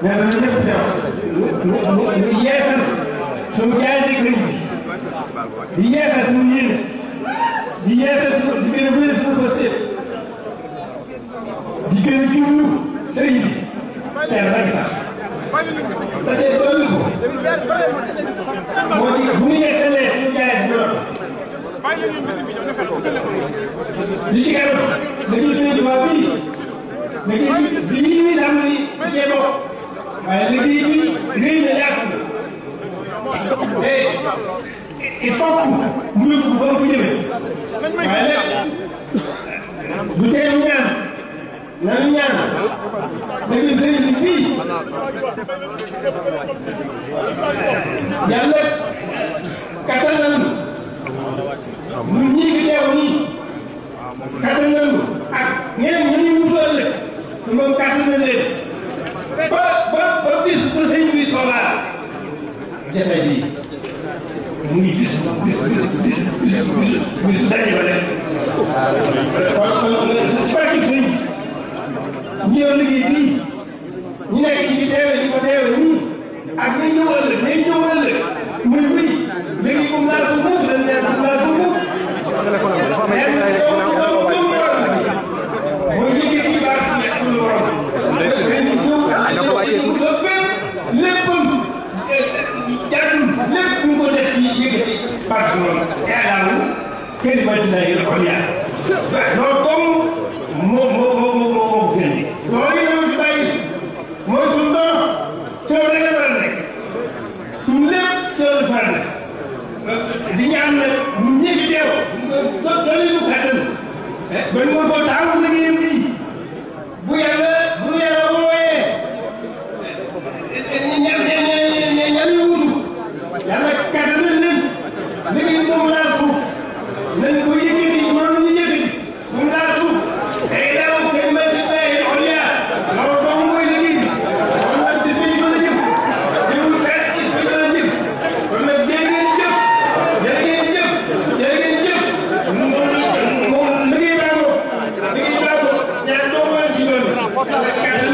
nee na ñëpp teew nu nu nu yeesal suñu jaayante sëriñ bi di yeesal suñu yéene di yeesal di gën a wéyal suñu pastéef di gën a jublu sëriñ bi teel rek la parce que dolli ko moo di bu ñu yeesalee suñu jaayante ñu rot li ci kanam dañuy sëriñ bi bii dañuy bii am ni cee bokk waaye li bi rëy na yàgg na et eh, il faut que mu yóbbu ko fa ko jëmee waaye nag bu tee ñu ñaan nanu ñaan dañuy sëriñ bi nii yàlla kattan nañu ñun ñii fi teew nii kattan nañu ak ñeneen ñi ñu wutal la te moom kattan nañu jotaay bi mu ngi bis bis bis bis daje ba lépp. kon kon ci barke sëriñ ñi ñëw liggéey bii ñu nekk ci teewe di ko teewe nii ak ñi ñëw ëllëg ñi ñëw يعلم إعلام كلمة الله العليا لكم مو مو مو مو مو مو فيني لوري لو سبعين مو سندا تبرع فرنك تملك تبرع فرنك دي عمل نيجي تيو دليل كاتن بنقول تعالوا Yeah.